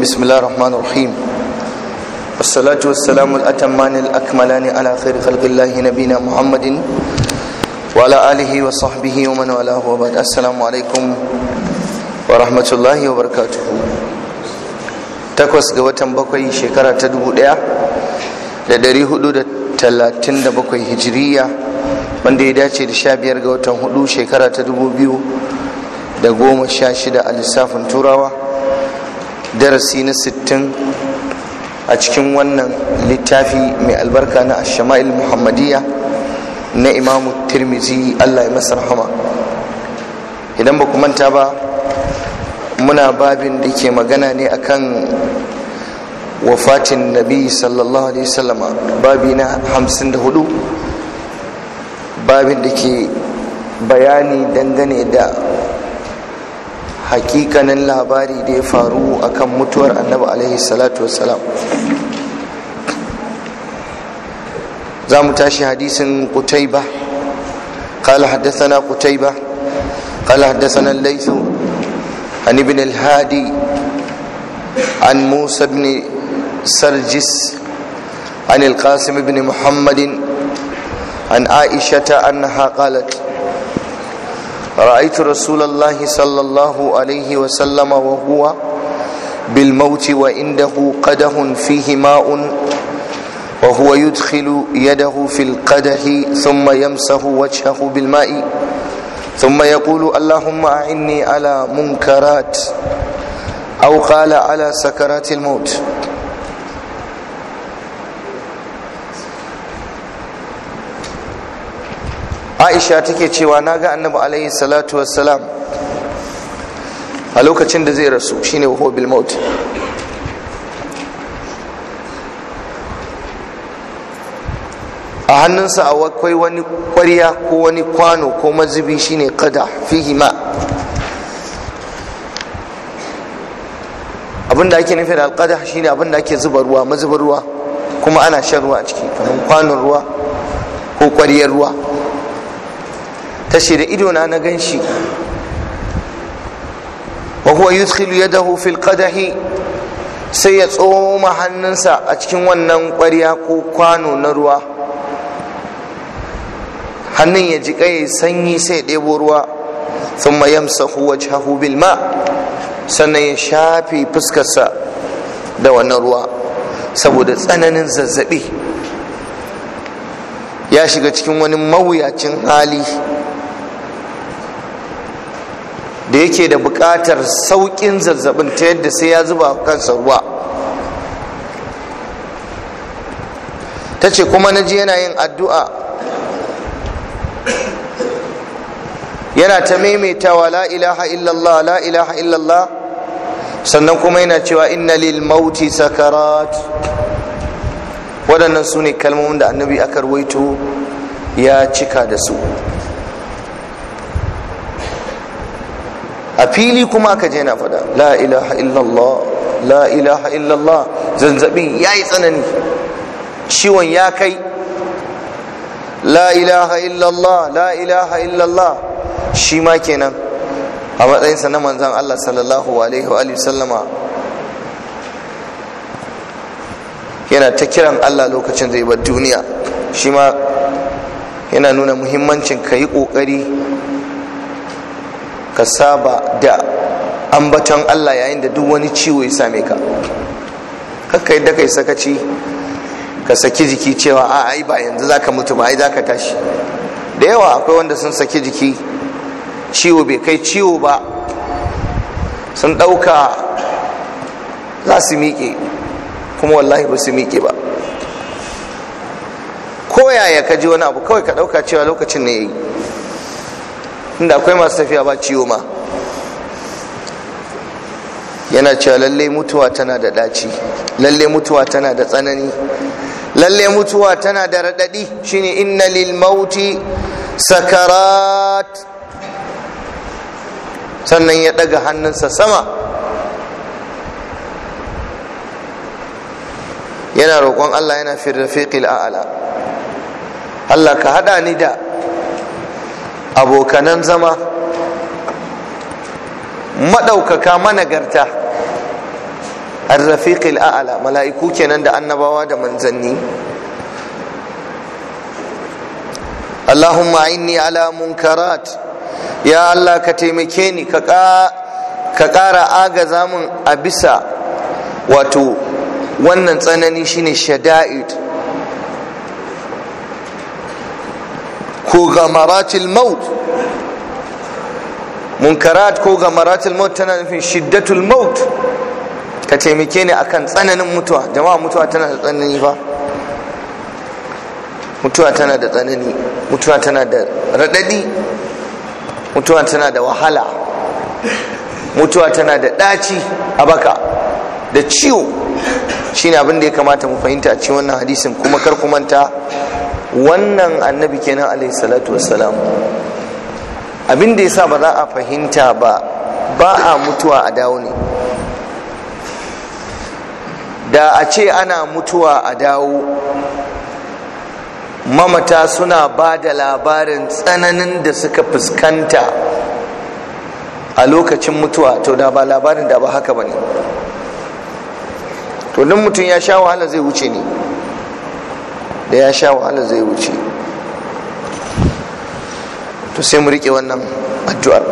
الرجيم بسم الله الرحمن الرحيم والصلاة والسلام الأتمان الأكملان على خير خلق الله نبينا محمد وعلى آله وصحبه ومن والاه وبعد السلام عليكم ورحمة الله وبركاته takwas ga watan bakwai shekara ta dubu daya da dari hudu da talatin da bakwai hijiriya wanda ya dace da sha biyar ga watan hudu shekara ta dubu biyu da goma sha shida a lissafin turawa darasi na 60 a cikin wannan littafi mai albarka na shama'il muhammadiyya na imamu tirmizi allah ya masa hama idan ba ku manta ba muna babin da ke magana ne akan wafatin nabi sallallahu alaihi wasallama babi na 54 babin da ke bayani dangane da hakikanin labari da ya faru akan mutuwar annabi alaihi salatu tashi hadisin kutai ba kala haddasa kutai ba kala haddasa na laisu an ibn alhadi an musa ibn sarjis an alqasim ibn muhammadin an aisha ta an haƙalata رأيت رسول الله صلى الله عليه وسلم وهو بالموت وعنده قده فيه ماء وهو يدخل يده في القده ثم يمسه وجهه بالماء ثم يقول اللهم أعني على منكرات أو قال على سكرات الموت aisha take cewa na ga annabi alaihi salatu wassalam a lokacin da zai rasu shine hobil maut a hannunsa akwai wani kwarya ko wani kwano ko mazubi shine kada fihi ma abinda ake nufi da alkada shine abinda ake zuba ruwa mazubar ruwa kuma ana shan ruwa a ciki kwanon ruwa ko kwaryar ruwa Tashe da ido na na ganshi wa huwa yudkhilu yadahu fil qadahi sai ya tsoma hannunsa a cikin wannan ƙwarya ko kwano na ruwa hannun ya ji ya sanyi sai ya ɗebo ruwa thumma yamsahu wajhahu bil ma sannan ya shafe fuskarsa da wannan ruwa saboda tsananin zazzabi ya shiga cikin wani mawuyacin hali da yake da buƙatar sauƙin zazzabin ta yadda sai ya zuba kansa ruwa ta ce kuma na ji yana yin addu'a yana ta maimaitawa la ilaha illallah la ilaha illallah sannan kuma yana cewa inna lil mauti sakarat waɗannan su ne kalmomin da annabi aka ruwaito ya cika da su a fili kuma ka je na fada la ilaha illallah la ilaha illallah zanzabi ya yi tsanani ciwon ya kai la ilaha illallah la ilaha illallah shi ma kenan a matsayinsa na manzan Allah sallallahu alaihi wa sallama yana ta kiran Allah lokacin zai bar duniya shi ma yana nuna muhimmancin ka yi ƙoƙari ka saba da ambaton Allah yayin da duk wani ciwo ya same ka kakka yadda kai sakaci ka saki jiki cewa a ai ba yanzu zaka mutu ba ai zaka tashi da yawa akwai wanda sun saki jiki ciwo bai kai ciwo ba sun ɗauka za su miƙe kuma wallahi ba su miƙe ba ko yaya ka ji wani abu kawai ka ɗauka cewa lokacin ne ya yi inda akwai masu tafiya ba ciwo ma yana cewa lalle mutuwa tana da ɗaci lalle mutuwa tana da tsanani lalle mutuwa tana da raɗaɗi shine inna lil mauti sakarat sannan ya ɗaga hannunsa sama yana roƙon Allah yana firrafiƙil a'ala Allah ka haɗa ni da abokanan zama maɗaukaka managarta arrafiqil a'ala mala'iku kenan da annabawa da manzanni Allahumma inni ala munkarat ya Allah ka taimake ni ka ƙara agaza min a bisa wato wannan tsanani shine shada'id ko gamaratil maut munkarat ko Maratil maut tana nufin shiddatul maut ka taimake ni akan tsananin mutuwa jama'a mutuwa tana da tsanani fa mutuwa tana da tsanani mutuwa tana da radadi mutuwa tana da wahala mutuwa tana da ɗaci a baka da ciwo shine abin da ya kamata mu fahimta a cikin wannan hadisin kuma kar ku manta wannan annabi kenan alaihi salatu wassalam abin da yasa ba za a fahimta ba ba a mutuwa a dawo ne da a ce ana mutuwa a dawo mamata suna ba da labarin tsananin da suka fuskanta a lokacin mutuwa to da ba labarin da ba haka ba ne to mutum ya sha wahala zai wuce ne da ya sha wahala zai wuce to sai mu rike wannan addu'ar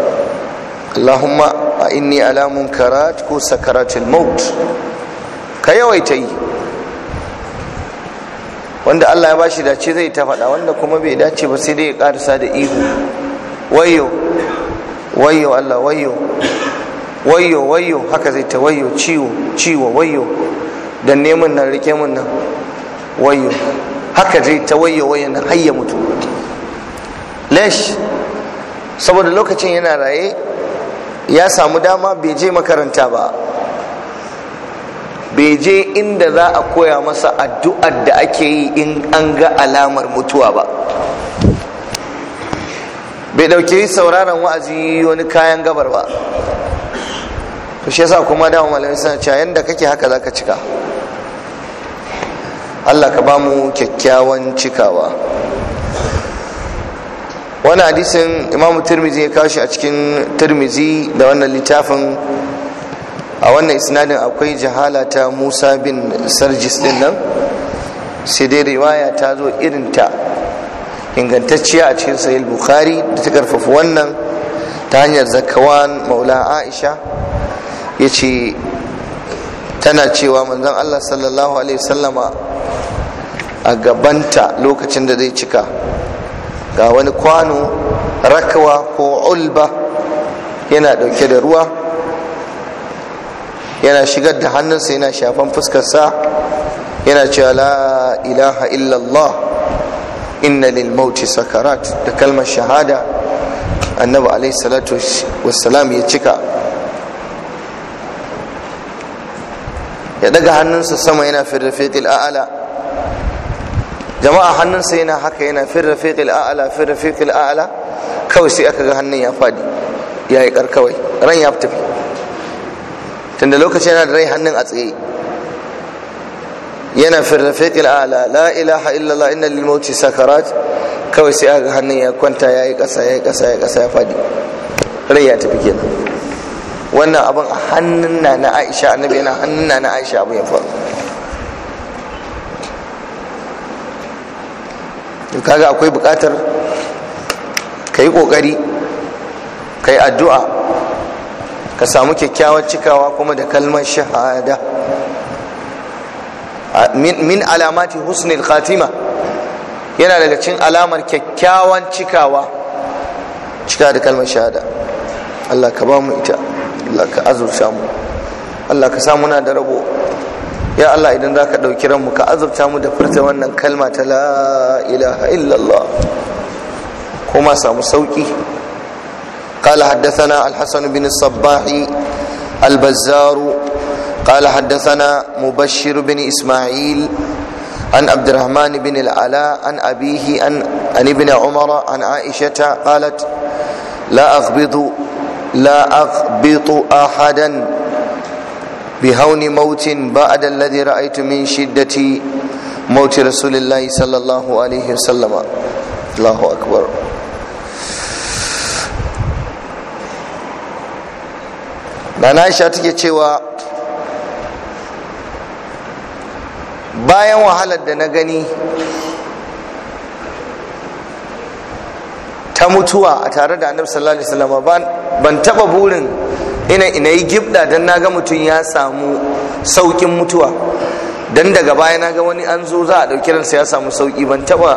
Allahumma a inni alamun karat ko sakaratul maut ka yawaita yi wanda Allah ya shi dace zai ta faɗa wanda kuma bai dace ba sai dai ya karasa da ihu wayo wayo Allah wayo wayo wayo haka zai ta wayo ciwo ciwo wayo dan neman nan rike mun nan wayo haka zai ta waye nan har ya mutu lesh saboda lokacin yana raye ya samu dama bai je makaranta ba bai je inda za a koya masa addu'ar da ake yi in an ga alamar mutuwa ba bai dauke sauraron wa'azi wani kayan gabar ba to shi yasa kuma dama malamai suna cewa yanda kake haka za ka cika Allah ka bamu kyakkyawan cikawa wani hadisin imamu tirmizi ya kashi a cikin tirmizi da wannan littafin a wannan isnadin akwai jihala ta musa bin sarjis din nan sai dai riwaya ta zo irinta ingantacciya a cikin sahih bukhari da ta karfafa wannan ta hanyar zakawan maula aisha ya ce tana cewa manzon allah sallallahu alaihi sallama a gabanta lokacin da zai cika ga wani kwano rakawa ko ulba yana dauke da ruwa yana shigar da hannunsa yana shafan fuskarsa yana cewa la ilaha illallah inna lil mauti sakarat da kalmar shahada annabi alaihi salatu wassalam ya cika ya daga hannunsa sama yana firrafiqil a'ala jama'a hannunsa yana haka yana fin rafiqil a'la fin rafiqil a'la kawai sai aka ga hannun ya fadi ya yi karkawai ran ya tafi tunda lokacin yana da rai hannun a tsaye yana fi rafiqil a'la la ilaha illallah inna lil mauti sakarat kawai sai aka ga hannun ya kwanta ya yi kasa ya yi kasa ya kasa ya fadi rai ya tafi kenan wannan abin a hannun na na Aisha annabi yana hannun na na Aisha abin ya faru to kaga akwai bukatar ka yi kokari ka yi addu'a ka samu kyakkyawar cikawa kuma da kalmar shahada min alamati husnil khatima yana daga cin alamar kyakkyawan cikawa cika da kalmar shahada Allah ka ba mu ita Allah ka azurta mu Allah ka sa muna da rabo ya Allah idan za ka ɗauki ranmu ka azabta mu da furta wannan kalma ta la ilaha illallah kuma samu sauƙi قال حدثنا الحسن بن الصباح البزار قال حدثنا مبشر بن إسماعيل عن عبد الرحمن بن العلاء عن أبيه عن, عن ابن عمر عن عائشة قالت لا أغبط لا أغبط أحدا بهون موت بعد الذي رأيت من شدة موت رسول الله صلى الله عليه وسلم الله أكبر Nana Aisha take cewa bayan wahalar da na gani ta mutuwa a tare da annabi sallallahu alaihi wasallam ban taba burin ina ina yi gibda na ga mutum ya samu saukin mutuwa don daga baya naga wani an zo za a ɗauki ransa ya samu sauki ban taɓa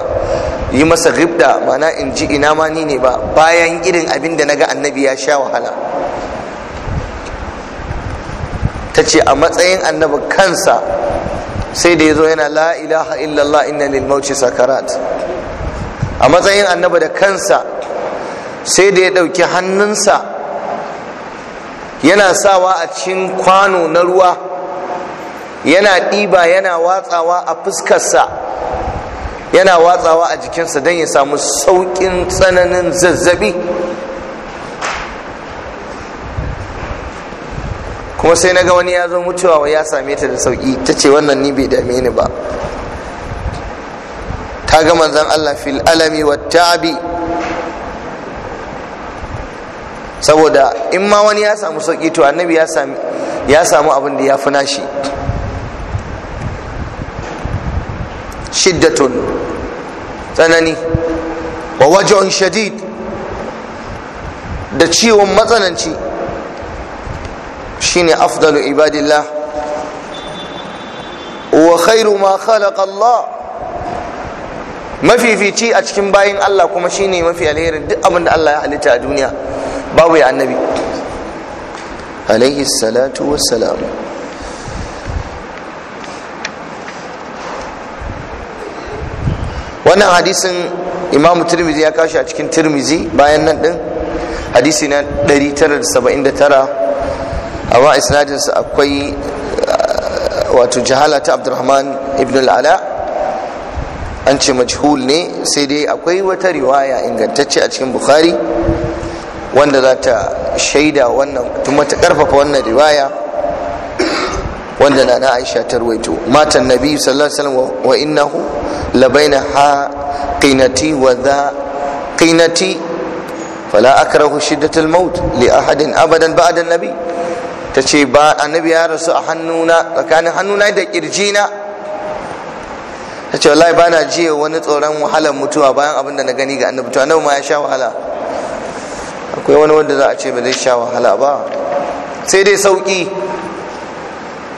yi masa gibda mana in ji ina ma ni ne ba bayan irin abin da na ga annabi ya sha wahala ta ce a matsayin annabi kansa sai da ya zo yana la ilaha illallah inna lil mauci sakarat a matsayin annabi da kansa sai da ya ɗauki hannunsa yana sawa a cikin kwano na ruwa yana ɗiba yana watsawa a fuskarsa yana watsawa a jikinsa don ya samu sauƙin tsananin zazzabi kuma sai na ga wani ya zo mutuwa ya same ta da sauƙi ta ce wannan ni bai dame ni ba ta ga manzan Allah fil alami wa ta'abi saboda in ma wani ya samu sauki to annabi ya samu abin da ya fi nashi shiddatun tsanani wa wajen shadid da ciwon matsananci shine afdalu ibadillah wa khairu ma khalaqa Allah mafifici a cikin bayin Allah kuma shine mafi alherin duk abin da Allah ya halitta a duniya babu ya annabi alaihi salatu wassalam wannan hadisin imam turmizi ya kashi a cikin turmizi bayan nan din hadisi na 979 amma isnadinsa akwai uh, wato jahala ta abdurrahman ibn al'ala an ce majhul ne sai dai akwai wata riwaya ingantacce a cikin bukhari wanda za ta shaida wannan kuma ta karfafa wannan riwaya wanda na na aisha ta ruwaito matan nabi sallallahu alaihi wasallam wa innahu labaina ha qinati wa dha qinati fala akrahu shiddatul maut li ahadin abadan ba'da nabi tace ba annabi ya rasu a hannuna tsakanin hannuna da kirjina tace wallahi bana jiya wani tsoron wahalar mutuwa bayan abin da na gani ga annabi to annabi ma ya sha wahala akwai wani wanda za a ce ba zai sha wahala ba sai dai sauki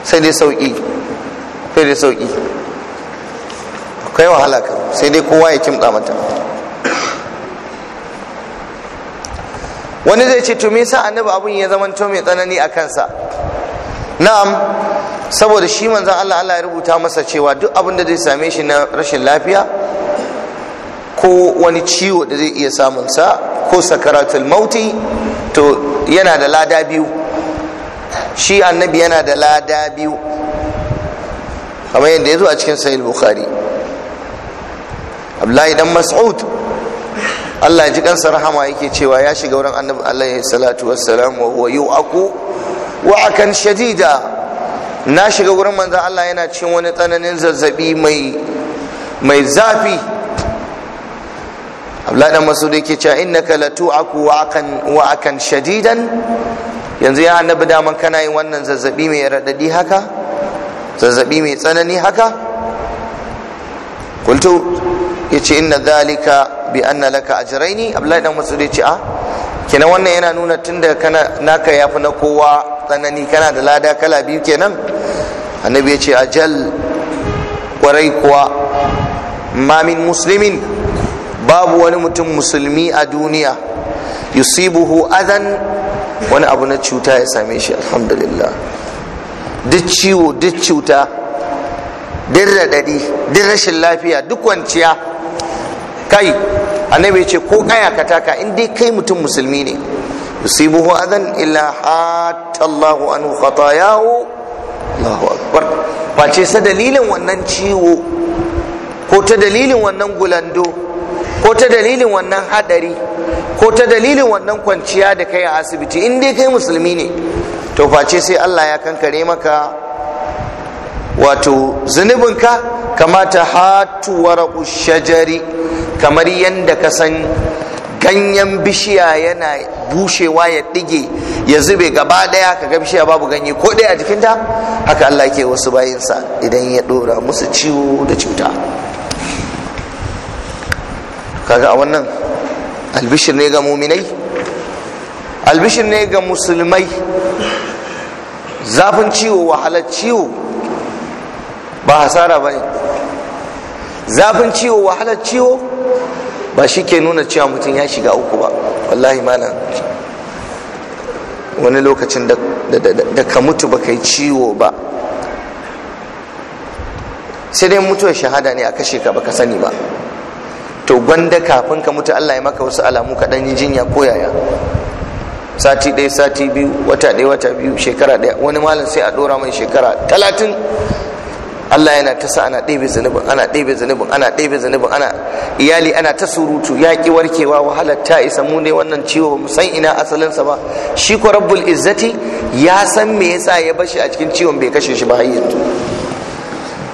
sai dai sauki sai dai sauki akwai wahala kan sai dai kowa ya kimta mata wani zai ce tumi sa annabi abun ya zama to mai tsanani a kansa na'am saboda shi zan Allah Allah ya rubuta masa cewa duk abin da zai same shi na rashin lafiya ko wani ciwo da zai iya samun sa ko sakaratul mauti to yana da lada biyu shi annabi yana da lada biyu kamar yadda ya zo a cikin sahih bukhari abdullahi dan mas'ud Allah ji kansa rahama yake cewa ya shiga wurin annabi alaihi salatu wassalam wa huwa yu'aku wa akan shadida na shiga wurin manzon Allah yana cin wani tsananin zazzabi mai zafi Abdullahi dan Masudi yake cewa innaka latu'aku wa wa shadidan yanzu ya annabi daman kana yin wannan zazzabi mai radadi haka zazzabi mai tsanani haka qultu yace inna dhalika bi anna laka ajraini Abdullahi dan Masudi ce a ah, Kina wannan yana nuna tunda kana naka yafi na kowa tsanani kana da lada kala biyu kenan annabi yace ajal kwarai kuwa ma min muslimin babu wani mutum musulmi a duniya yusibuhu adan wani abu na cuta ya same shi alhamdulillah duk ciwo duk cuta duk raɗaɗi duk rashin lafiya duk kwanciya kai annabi ce ko kaya ka taka in dai kai mutum musulmi ne yusibuhu adan illa hatallahu anhu khatayahu Allahu akbar face sa dalilin wannan ciwo ko ta dalilin wannan gulando ko ta dalilin wannan hadari ko ta dalilin wannan kwanciya da kai a asibiti in dai kai musulmi ne to face sai Allah ya kankare maka wato zunubin ka? kamata hatu waraku shajari kamar yadda ka san ganyen bishiya yana bushewa ya ɗige ya zube gaba ɗaya ka ga bishiya babu ganye ko ɗaya a jikinta haka Allah ke wasu bayinsa idan ya ɗora musu ciwo da cuta kaga a wannan albishir ne ga muminai albishir ne ga musulmai zafin ciwo wahalar ciwo ba hasara ba ne zafin ciwo wahalar ciwo ba shi ke nuna cewa mutum ya shiga uku ba wallahi malam wani lokacin da ka mutu ba kai ciwo ba sai dai mutuwar shahada ne a kashe ka baka sani ba to gwanda kafin ka mutu Allah ya maka wasu alamu kaɗan yi jinya ko yaya sati ɗaya sati biyu wata ɗaya wata biyu shekara ɗaya wani malam sai a ɗora mai shekara talatin Allah yana ta sa ana ɗebe zunubin ana ɗebe zunubin ana ɗebe zunubin ana iyali ana ta surutu ya ki warkewa wahalar ta isa mu ne wannan ciwo ba san ina asalinsa ba shi ko rabbul izzati ya san me yasa ya bashi a cikin ciwon bai kashe shi ba har yanzu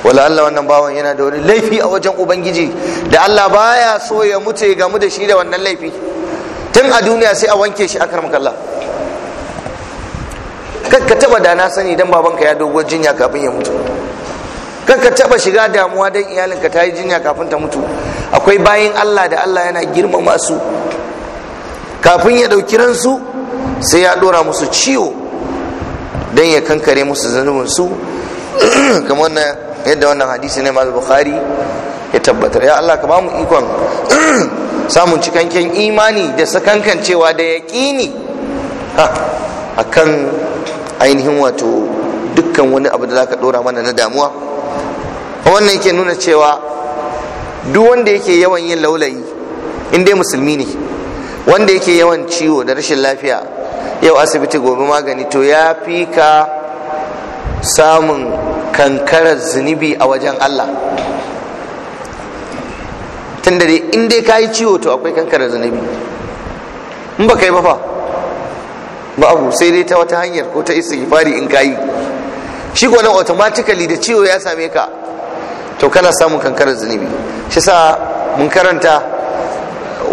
wala Allah wannan bawan yana da wani laifi a wajen ubangiji da Allah baya so ya mutu ya mu da shi da wannan laifi tun a duniya sai a wanke shi akar makalla kan ka taba da na sani dan babanka ya dogo jinya kafin ya mutu kan ka taba shiga damuwa dan iyalinka ta yi jinya kafin ta mutu akwai bayin Allah da Allah yana girmama su kafin ya ɗauki ransu sai ya ɗora musu ciwo don ya kankare musu su kamar na yadda wannan hadisi ne mazu bukhari ya tabbatar ya Allah ka ba mu ikon samun cikakken imani da sakankan cewa da yaƙini a kan ainihin wato dukkan wani abu da za ka ɗora mana na damuwa wannan yake nuna cewa duk wanda yake yawan yin laulayi in dai musulmi ne wanda yake yawan ciwo da rashin lafiya yau asibiti gobe magani to ya fi ka samun kankarar zunubi a wajen Allah da dai in dai ka yi ciwo to akwai kankarar zunubi in ba ka yi ba fa sai dai ta wata hanyar ko ta isa gifari in ka yi shi kuwa nan automatically da ciwo ya same ka to kana samun kankarar zunubi shi sa mun karanta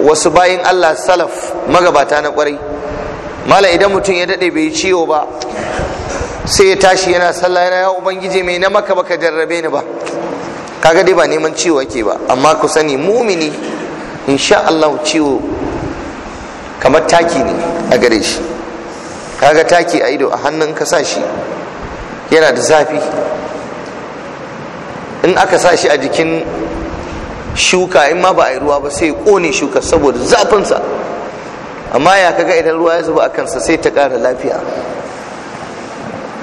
wasu bayin Allah salaf magabata na kwarai mala idan mutum ya dade bai yi ciwo ba sai ya tashi yana sallah yana ya ubangiji mai na maka baka jarrabe ni ba kaga dai ba neman ciwo ake ba amma ku sani mumini insha Allah ciwo kamar taki ne a gare shi kaga taki a ido a hannun ka sa shi yana da zafi in aka sa shi a jikin shuka in ma ba a yi ruwa ba sai ya kone shuka saboda zafinsa amma ya kaga idan ruwa ya zuba a kansa sai ta ƙara lafiya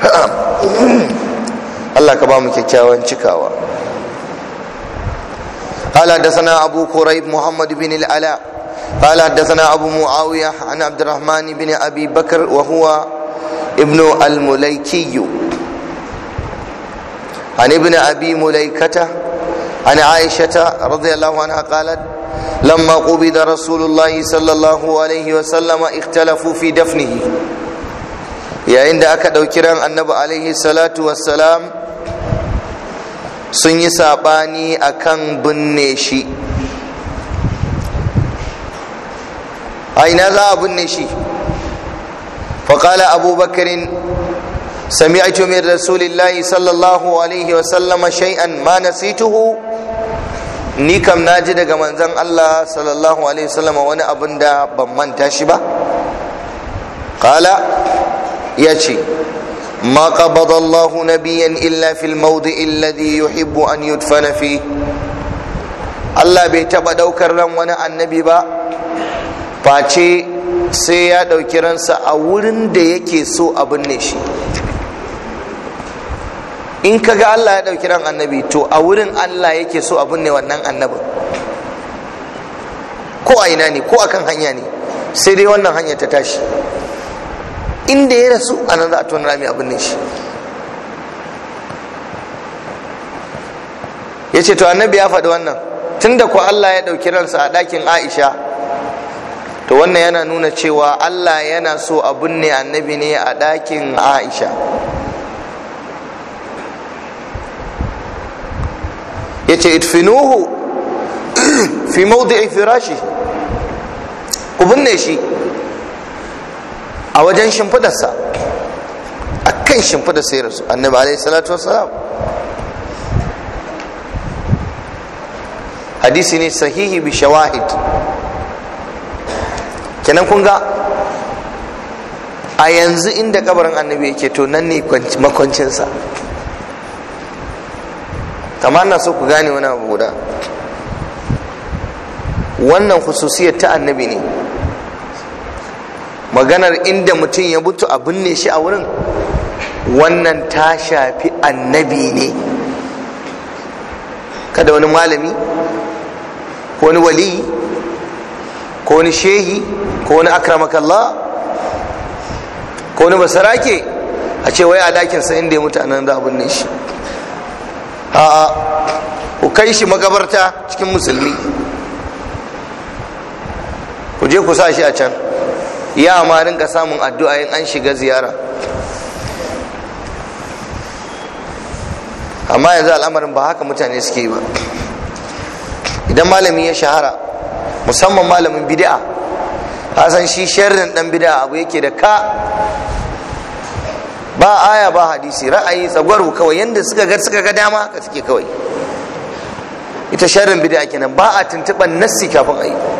Allah ka ba mu kyakkyawan cikawa ala da sana abu kuraib muhammad bin al'ala ala da sana abu mu'awiya an abdurrahman bin abi bakar wa huwa ibn al-mulaikiyu an ibn abi mulaikata an aishata radiyallahu anha qalat لما قبض رسول الله صلى الله عليه وسلم yayin da aka ɗauki ran annabi alaihi salatu wassalam sun yi saɓani a kan binne shi a ina za a binne shi faƙala abubakarin سمعت من رسول الله sallallahu الله عليه وسلم شيئا ما نسيته ni kam na ji daga manzan Allah sallallahu alaihi wasallam wani abin da ban manta shi ba Ƙala. ya ce ma qabada Allahu nabiyan illa fil mawdi'i alladhi yuhibbu an yudfana fi Allah bai taba daukar ran wani annabi ba face sai ya dauki ransa a wurin da yake so abin ne shi in ka ga Allah ya dauki ran annabi to a wurin Allah yake so abin ne wannan annabin ko a ina ne ko a kan hanya ne sai dai wannan hanya ta tashi inda ya rasu a nan za a tona rami abin ne shi ya ce to annabi ya faɗi wannan tunda ko Allah ya ɗauki ransa a ɗakin Aisha to wannan yana nuna cewa Allah yana so a binne annabi ne a ɗakin Aisha ya ce itfinuhu fi mawdi'i firashi ku binne shi a wajen shimfidarsa a kan shimfidar sai rasu annabi alaihi salatu salam. hadisi ne sahihi bi shawahid kenan kun ga a yanzu inda kabarin annabi yake to nan ne makwancinsa kamar na so ku gane wani abu guda wannan khususiyar ta annabi ne maganar inda mutum ya mutu a binne shi a wurin wannan ta shafi annabi ne kada wani malami ko wani wali ko wani shehi ko wani akramakalla ko wani basarake a ce wai a dakinsa inda ya mutu a nan da abin shi a'a ku kai shi makabarta cikin musulmi ku je ku sa shi a can ya ma rinka samun addu'a in an shiga ziyara amma yanzu al'amarin ba haka mutane suke yi ba idan malami ya shahara musamman malamin bid'a san shi sharrin dan bid'a abu yake da ka ba aya ba hadisi ra'ayi tsagwaru kawai yanda suka ga suka ga dama ka suke kawai ita sharrin bid'a kenan ba a tuntuban nassi kafin ayi.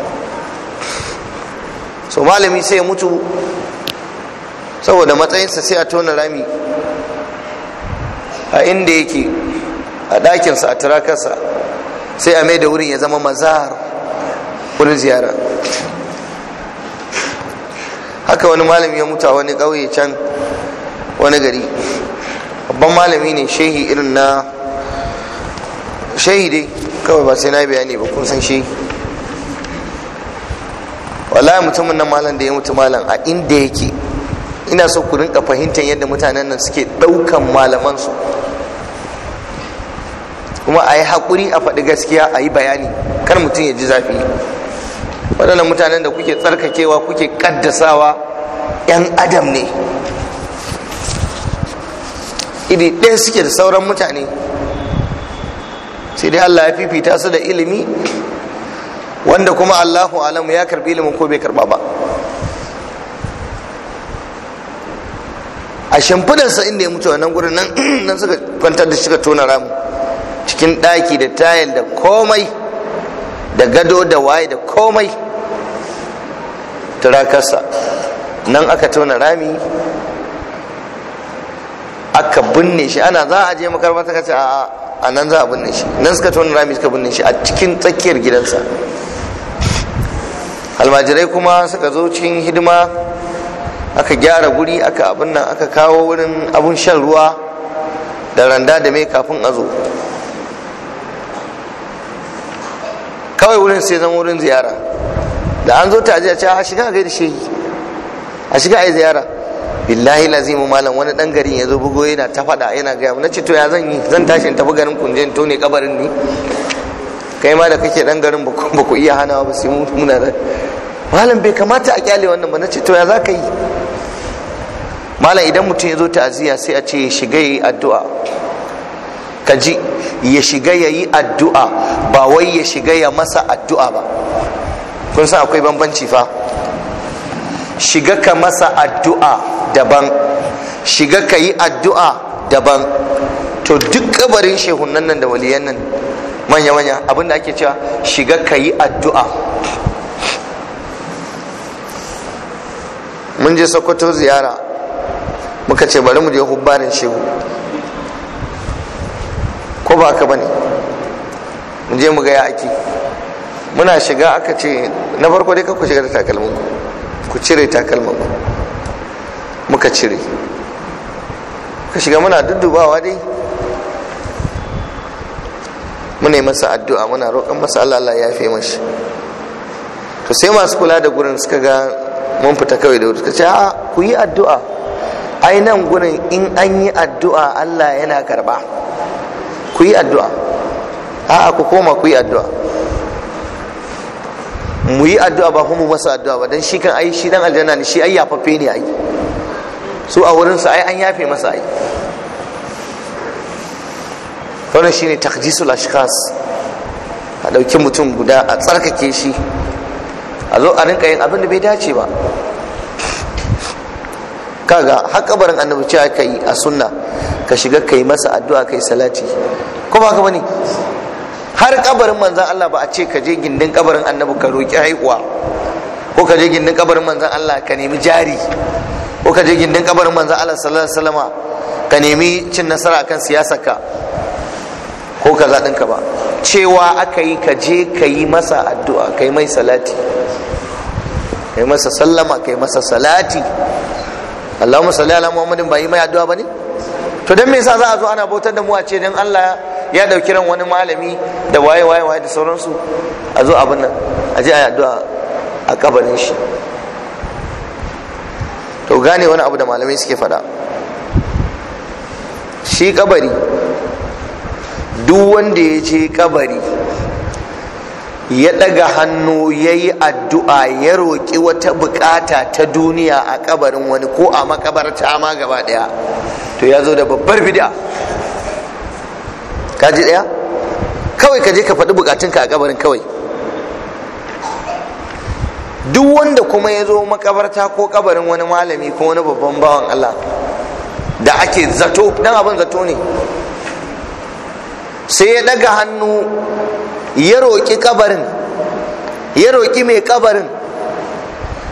so malami sai ya mutu saboda matsayinsa sai a tona rami a inda yake a ɗakinsa a turakarsa sai a mai da wurin ya zama mazar wurin ziyara haka wani malami ya mutu a wani ƙauye can wani gari babban malami ne shehi irin na shehi dai kawai ba sai na bayani ba kun san shehi wallahi mutumin nan malam da ya mutu malam a inda yake ina so ku rinka fahimtar yadda mutanen nan suke ɗaukan malaman su kuma a yi haƙuri a faɗi gaskiya a yi bayani kar mutum ya ji zafi waɗannan mutanen da kuke tsarkakewa kuke ƙaddasawa 'yan adam ne iri ɗaya suke da sauran mutane sai dai allah ya fifita su da ilimi wanda kuma Allahu alamu ya karbi ilimin ko bai karba ba a shimfidarsa inda ya mutu a nan gurin nan nan suka kwantar da suka tona ramu cikin ɗaki da tayil da komai da gado da waye da komai turakarsa nan aka tona rami aka binne shi ana za a je makarmata ka ce a nan za a binne shi nan suka tona rami suka binne shi a cikin tsakiyar gidansa almajirai kuma suka zo cikin hidima aka gyara guri aka abin nan aka kawo wurin abun shan ruwa da randa da mai kafin a zo kawai wurin sai zan wurin ziyara da an zo ta a ce a shiga gaida shi a shiga a yi ziyara billahi lazimu malam wani dan garin ya zo bugo yana ta fada yana gaya na ce to ya zan yi zan tashin tafi garin kunje to ne kabarin ne kai ma da kake dan garin ba ku iya hanawa ba sai muna da malam bai kamata a kyale wannan ba na ce to ya za ka yi malam idan mutum ya zo ta'aziyya sai a ce ya shiga ya yi addu'a ka ji ya shiga ya yi addu'a ba wai ya shiga ya masa addu'a ba kun san akwai bambanci fa shiga ka masa addu'a daban shiga ka yi addu'a daban to duk kabarin shehunan nan da waliyan nan manya-manya abinda ake cewa shiga ka yi addu'a mun je sokoto ziyara muka ce bari mu je hubbarin shehu ko ba ka bane mu je mu ga ya muna shiga aka ce na farko dai ku shiga da takalmin ku cire takalmin muka cire ka shiga muna duddubawa dai muna yi masa addu'a muna roƙon masa Allah Allah ya fi mashi to sai masu kula da gurin suka ga mun fita kawai da wuri ce a ku yi addu'a ai nan gurin in an yi addu'a Allah yana karba ku yi addu'a a ku koma ku yi addu'a mu yi addu'a ba kuma masa addu'a ba dan shi kan ai shi dan aljanna ne shi ai yafaffe ne ai su a wurin su ai an yafe masa ai wannan shine takjisul ashkhas a dauki mutum guda a tsarkake shi a zo a rinka yin abin da bai dace ba kaga haƙabarin annabi cewa ka yi a sunna ka shiga ka yi masa addu'a ka yi salati ko ba ka bane har kabarin manzan Allah ba a ce ka je gindin kabarin annabi ka roƙi haihuwa ko ka je gindin kabarin manzan Allah ka nemi jari ko ka je gindin kabarin manzan Allah sallallahu alaihi wasallama ka nemi cin nasara kan siyasarka ko kaza ka ba cewa aka yi ka je ka yi masa addu'a ka yi mai salati ka yi masa sallama ka yi masa salati Allahumma salli ala Muhammadin ba yi mai addu'a ba ne? to don me yasa za a zo ana bautar da mu a ce don Allah ya dauki ran wani malami da waye waye waye da sauransu a zo abin nan a je a yi addu'a a kabarin shi to gane wani abu da malamai suke faɗa shi kabari duk wanda ya je kabari ya daga hannu ya yi addu'a ya roƙi wata bukata ta duniya a kabarin wani ko a makabarta ma gaba daya to ya zo da babbar bida kaji daya kawai ka je ka faɗi bukatunka a kabarin kawai duk wanda kuma ya zo makabarta ko kabarin wani malami ko wani babban bawan Allah da ake zato dan abin zato ne sai ya daga hannu ya roƙi kabarin ya roƙi mai kabarin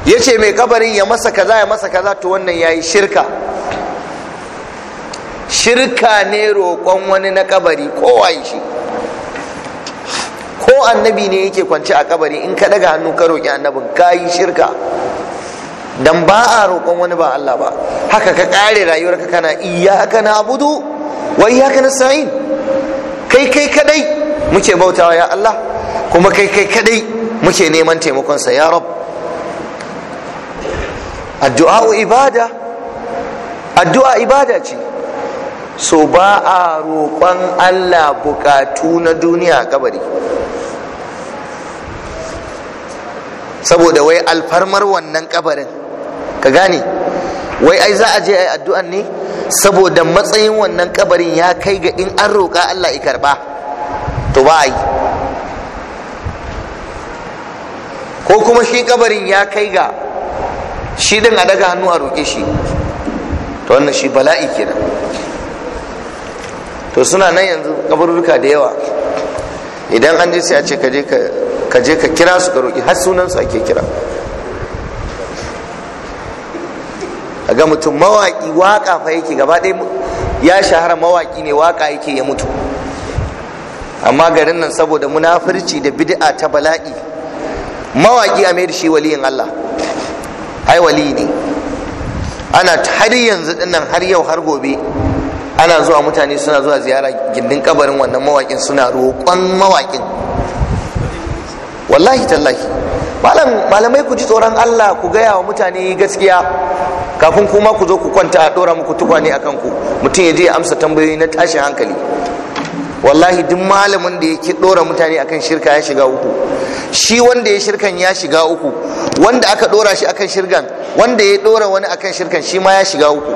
ya ce mai kabarin ya masa kaza ya masa kaza to wannan ya yi shirka shirka ne roƙon wani na kabari kowa shi ko annabi ne yake kwance a kabari in ka daga hannu ka roƙi annabin ka yi shirka don ba a roƙon wani ba Allah ba haka ka ƙare rayuwarka kana iya na wai ya ka na sa'in kai kai kadai muke bautawa ya Allah kuma kai kai kadai muke neman taimakonsa ya rab addu'a ibada addu'a ibada ce so ba a roƙon Allah bukatu na duniya kabari saboda wai alfarmar wannan kabarin ka gane wai ai za a je ai addu'an ne saboda matsayin wannan kabarin ya kai ga in an roƙa Allah ya karba to ba yi ko kuma shi kabarin ya kai ga shi din a daga hannu a roƙe shi to wannan shi bala'i kenan to suna nan yanzu kabarurruka da yawa idan an je sai a ce ka je ka kira su ka roƙi har sunan su ake kira ga mutum mawaƙi waƙa fa yake gaba ɗaya ya shahara mawaƙi ne waka yake ya mutu amma garin nan saboda munafurci da bid'a ta bala'i mawaƙi a mayar shi waliyin Allah ai wali ne ana har yanzu dinnan har yau har gobe ana zuwa mutane suna zuwa ziyara gindin kabarin wannan mawaƙin, suna roƙon mawaƙin. wallahi tallahi malamai ku ji tsoron Allah ku gaya wa mutane gaskiya kafin kuma ku zo ku kwanta a dora muku tukwane a kanku mutum ya je ya amsa tambayoyi na tashin hankali wallahi duk malamin da yake dora mutane akan shirka ya shiga uku shi wanda ya shirkan ya shiga uku wanda aka dora shi akan shirkan wanda ya dora wani akan shirkan shi ma ya shiga uku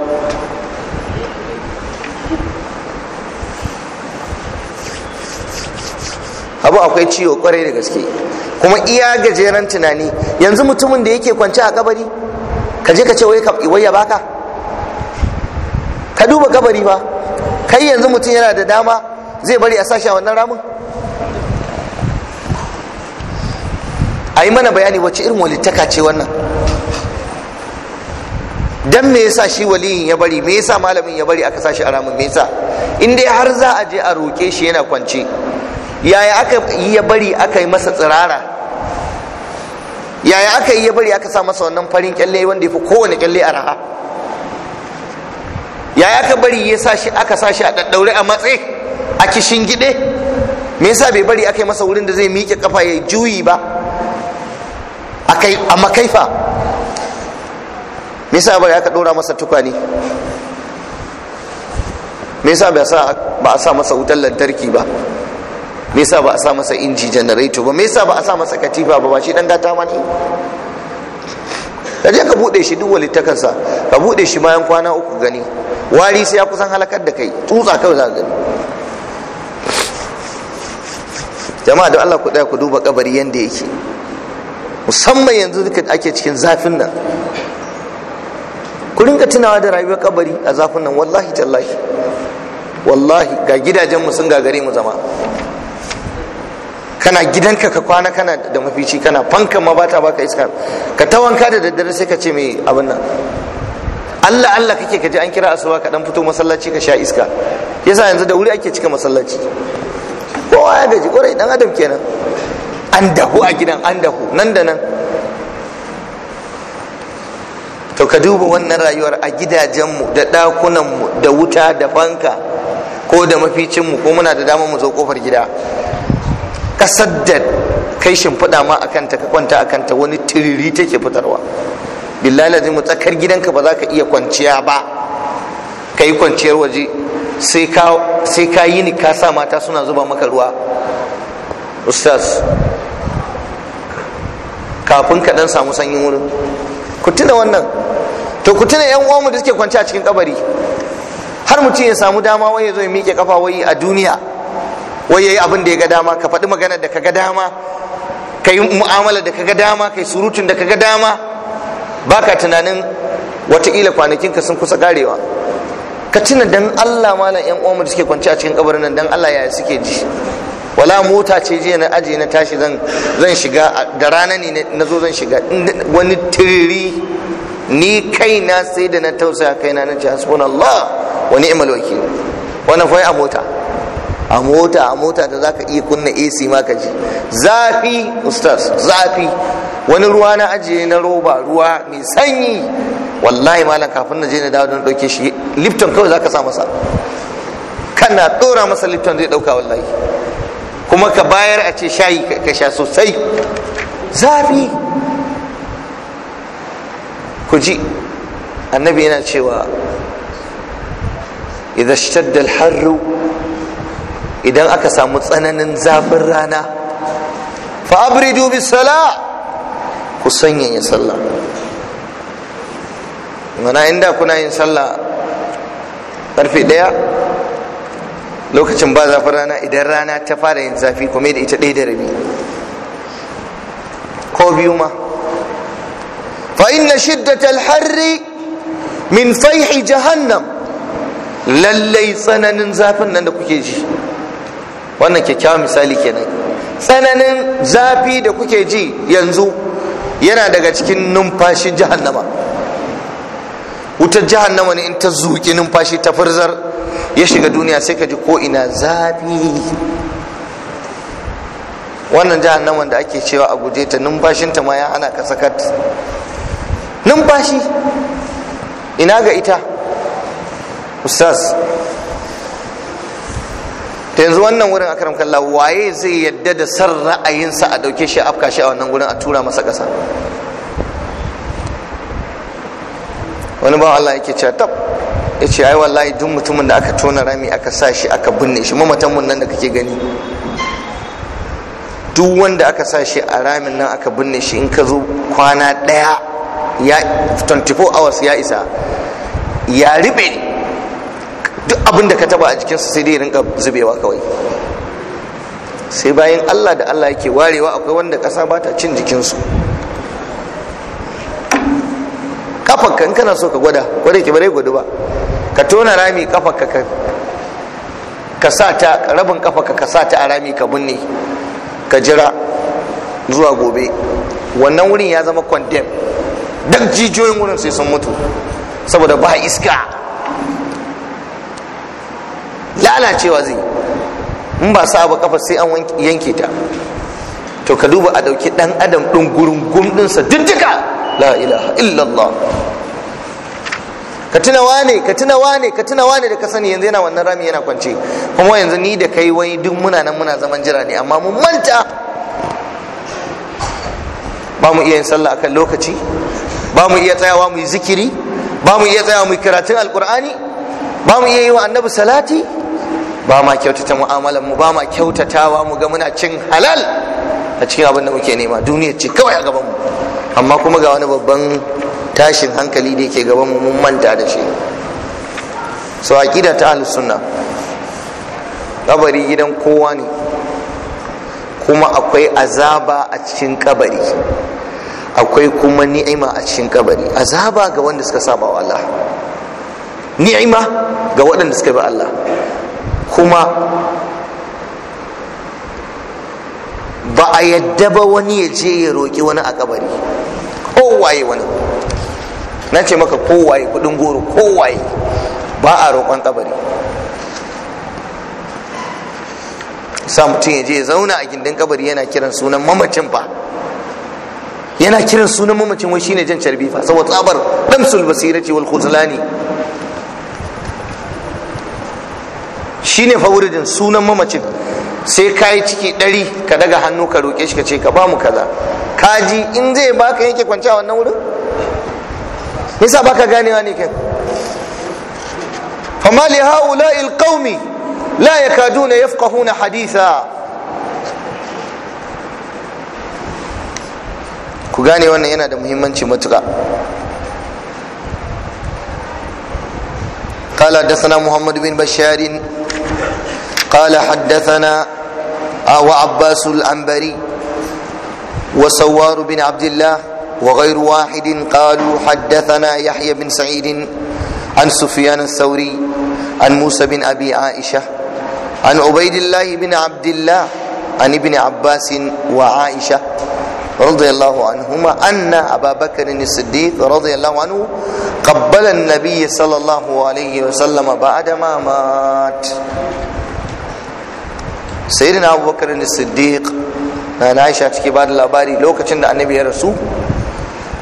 abu akwai ciwo kwarai da gaske kuma iya gajeren tunani yanzu mutumin da yake kwance a kabari ka je ka ce wai ya baka ka duba kabari ba kai yanzu mutum yana da dama zai bari a sashi a wannan ramin a yi mana bayani wacce irin walittaka ce wannan dan me yasa shi waliyin ya bari me yasa malamin ya bari aka sashi a ramin me yasa in dai har za a je a roke shi yana kwance yaya aka yi ya bari aka yi masa tsirara yaya aka yi ya bari aka sa masa wannan farin kyalle wanda ya fi kowane kyalle a raha yaya aka bari ya sa shi aka sa shi a daddaure a matse a kishin gide me yasa bai bari aka yi masa wurin da zai miƙe kafa ya juyi ba akai a makaifa me yasa bari aka dora masa tukwane me yasa ba a sa masa wutar lantarki ba me yasa ba a sa masa inji janareto ba me yasa ba a sa masa katifa ba ba shi dan gata ma ne kaje ka bude shi duk walittakansa ka bude shi bayan kwana uku gani wari sai ya kusan halakar da kai tsutsa kawai za gani jama'a da Allah ku daya ku duba kabari yanda yake musamman yanzu duka ake cikin zafin nan ku rinka tunawa da rayuwar kabari a zafin nan wallahi tallahi wallahi ga gidajenmu sun gagare mu zama kana gidanka ka kwana kana da mafici kana fanka ma bata baka iska ka ta wanka da daddare sai ka ce me abin nan Allah Allah kake ka ji an kira asuba ka dan fito masallaci ka sha iska yasa yanzu da wuri ake cika masallaci kowa ya gaji kwarai dan adam kenan an dahu a gidan an dahu nan da nan to ka duba wannan rayuwar a gidajenmu da ɗakunanmu da wuta da fanka ko da maficinmu ko muna da dama mu zo kofar gida Kasar da kai shimfiɗa ma a kanta ka kwanta a kanta wani tiriri take fitarwa billahi mu tsakar gidanka ba za ka iya kwanciya ba ka yi kwanciyar waje sai ka yi ni ka sa mata suna zuba maka ruwa ustaz kafin ka dan samu sanyin wurin ku tuna wannan to ku tuna yan uwanmu da suke kwanci a cikin kabari har mutum ya samu dama wai ya zo ya miƙe kafa wai a duniya wai yayi abin da ya ga dama ka faɗi maganar da ka ga dama ka yi mu'amala da ka ga dama ka yi surutun da ka ga dama baka tunanin wataƙila ka sun kusa karewa ka tuna dan Allah malam yan uwanmu da suke kwance a cikin kabarin nan dan Allah yaya suke ji wala mota ce jiya na aji na tashi zan shiga da rana ne na zo zan shiga wani tiriri ni kaina sai da na tausaya kaina na ce hasbunallah wa ni'mal wakil wannan fa'i a mota a mota a mota da zaka iya kunna AC ma ka ji zafi ustaz zafi wani ruwa na ajiye na roba ruwa mai sanyi wallahi malam kafin na je na dawo don dauke shi lifton kawai zaka sa masa kana dora masa lifton zai dauka wallahi kuma ka bayar a ce shayi ka sha sosai zafi ku ji annabi yana cewa idza ishtadda al-harru idan aka samu tsananin zafin rana fa abridu sala ku sanyaya sallah mana inda kuna yin sallah karfe daya lokacin ba zafin rana idan rana ta fara yin zafi kuma da ita ɗaya da rabi ko biyu ma fa inna shiddatal harri min faihi jahannam lallai tsananin zafin nan da kuke ji wannan kyakkyawan misali kenan tsananin zafi da kuke ji yanzu yana daga cikin numfashin jahannama wutar jahannama ne in ta zuƙi numfashi ta furzar ya shiga duniya sai ka ji ko ina zafi wannan jahannama da ake cewa a guje ta numfashinta ma ya hana ka sakat numfashi ina ga ita ustaz ta yanzu wannan wurin akram kallah waye zai yadda da san ra'ayinsa a dauke shi a afka shi a wannan wurin a tura masa kasa wani ba Allah yake cewa tab ya ce ai wallahi duk mutumin da aka tona rami aka sa shi aka binne shi mamatan mun nan da kake gani duk wanda aka sa shi a ramin nan aka binne shi in ka zo kwana daya, ya 24 hours ya isa ya ribe duk abin da ka taba a jikinsa sai dai rinka zubewa kawai sai bayan allah da allah yake warewa akwai wanda ƙasa ba ta cin jikinsu kafanka in kana so ka gwada kwarai ki bare gudu ba ka tona rami kafanka ka ka sa ta rabin kafanka ka sa ta a rami ka binne ka jira zuwa gobe wannan wurin ya zama condemn duk jijiyoyin wurin sai sun mutu saboda ba iska lalacewa zai in ba sa ba kafa sai an yanke ta to ka duba a dauki dan adam din gurin gumdinsa dindika la ilaha illallah ka tuna wane ka tuna wane ka tuna wane da ka sani yanzu yana wannan rami yana kwance kuma yanzu ni da kai wai duk muna nan muna zaman jira ne amma mun manta ba mu iya yin sallah akan lokaci ba mu iya tsayawa mu yi zikiri ba mu iya tsayawa mu yi karatun alkur'ani ba mu iya yi wa annabi salati ba ma kyautata mu'amalar mu ba ma kyautatawa mu ga muna cin halal a cikin abin da muke nema duniya ce kawai a gaban mu amma kuma ga wani babban tashin hankali da yake gaban mu mun manta da shi so aqida ta ahlus sunna kabari gidan kowa ne kuma akwai azaba a cikin kabari akwai kuma ni'ima a cikin kabari azaba ga wanda suka saba wa Allah ni'ima ga waɗanda suka bi Allah kuma ba a yadda ba wani ya ce ya roƙi wani a kabari kowaye wani na ce maka kowaye kudin goro kowaye ba a roƙon kabari sa mutum ya je ya zauna a gindin kabari yana kiran sunan mamacin fa yana kiran sunan mamacin wai shine jan carbi fa saboda tsabar damsul basirati wal khuzlani shine fawridin sunan mamacin sai ka yi ciki ɗari ka daga hannu ka roƙe shi ka ce ka ba mu kaza kaji in zai baka yake kwanci a wannan wurin yasa baka ganewa ne kai fama li haula'i alqaumi la yakaduna yafqahuna haditha ku gane wannan yana da muhimmanci matuƙa قال حدثنا محمد بن بشار قال حدثنا آه، وعباس الأنبري وسوار بن عبد الله وغير واحد قالوا حدثنا يحيى بن سعيد عن سفيان الثوري عن موسى بن أبي عائشة عن عبيد الله بن عبد الله عن ابن عباس وعائشة رضي الله عنهما أن أبا بكر الصديق رضي الله عنه قبل النبي صلى الله عليه وسلم بعدما مات sayyidina abubakar ne siddiq na aisha cike ba da labari lokacin da annabi ya rasu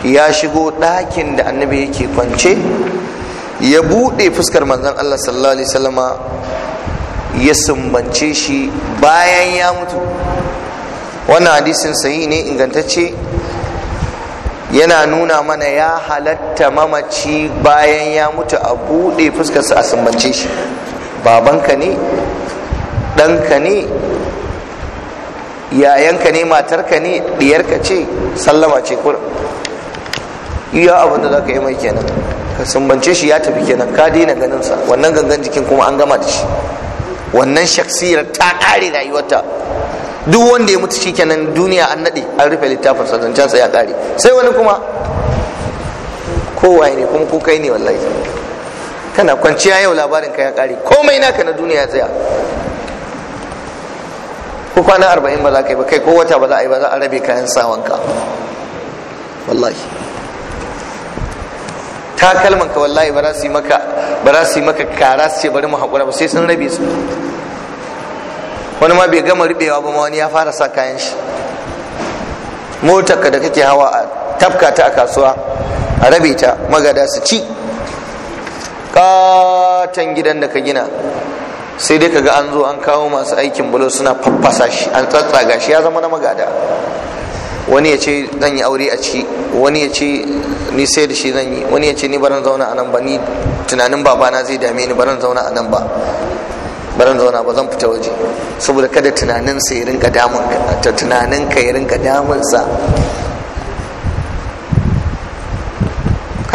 ya shigo ɗakin da annabi yake kwance ya buɗe fuskar manzon allah sallallahu alaihi salama ya sumbance shi bayan ya mutu wannan hadisin sayi ne ingantacce yana nuna mana ya halatta mamaci bayan ya mutu a buɗe fuskarsa a sumbance shi babanka ne ɗanka ne yayanka ne matarka ne ɗiyarka ce sallama ce kura. iya abin da za ka yi mai kenan ka sumbance shi ya tafi kenan ka daina ganin sa wannan gangan jikin kuma an gama da shi wannan shaksiyar ta ƙare rayuwarta duk wanda ya mutu kenan duniya an naɗe an rufe littafin sa zancen sa ya ƙare sai wani kuma kowaye ne kuma ko kai ne wallahi kana kwanciya yau labarin ka ya ƙare komai naka na duniya ya tsaya ko kwana arba'in ba za ka yi ba kai ko wata ba za a yi ba za a rabe kayan sawanka wallahi takalman ka wallahi ba za su yi maka ba za su yi maka kara su ce bari mu haƙura ba sai sun rabe su wani ma bai gama rubewa ba ma wani ya fara sa kayan shi motar ka da kake hawa a tafka ta a kasuwa a rabe ta magada su ci katon gidan da ka gina sai dai kaga an zo an kawo masu aikin bulo suna faffasa shi an tsatsaga shi ya zama na magada wani ya ce zan yi aure a ciki wani ya ce ni sai da shi zan yi wani ya ce ni baran zauna a nan ba ni tunanin babana zai dame ni baran zauna a nan ba baran zauna ba zan fita waje saboda kada tunanin sa ya rinka damun ta tunanin ka ya rinka damun sa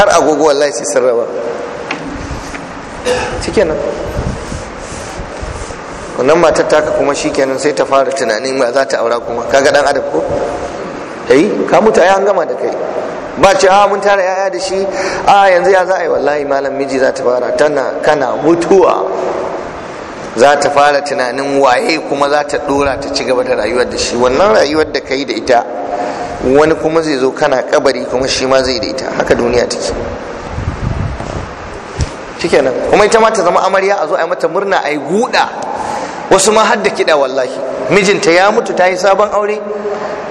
har agogo wallahi sai sun raba nan. wannan matar ta ka kuma shikenan sai ta fara tunanin ba za ta aura kuma kaga dan adam ko eh ka mutu ya an gama da kai ba ce a ah, mun tara yaya da shi a ah, yanzu ya za a yi wallahi malam miji za ta fara tana kana mutuwa za ta fara tunanin waye kuma za ta dora ta ci gaba da rayuwar da shi wannan rayuwar da kai da ita wani kuma zai zo kana kabari kuma shi ma zai da ita haka duniya take shikenan kuma ita ma ta zama amarya a zo a yi mata murna a yi guda wasu ma har kiɗa wallahi mijinta ya mutu ta yi sabon aure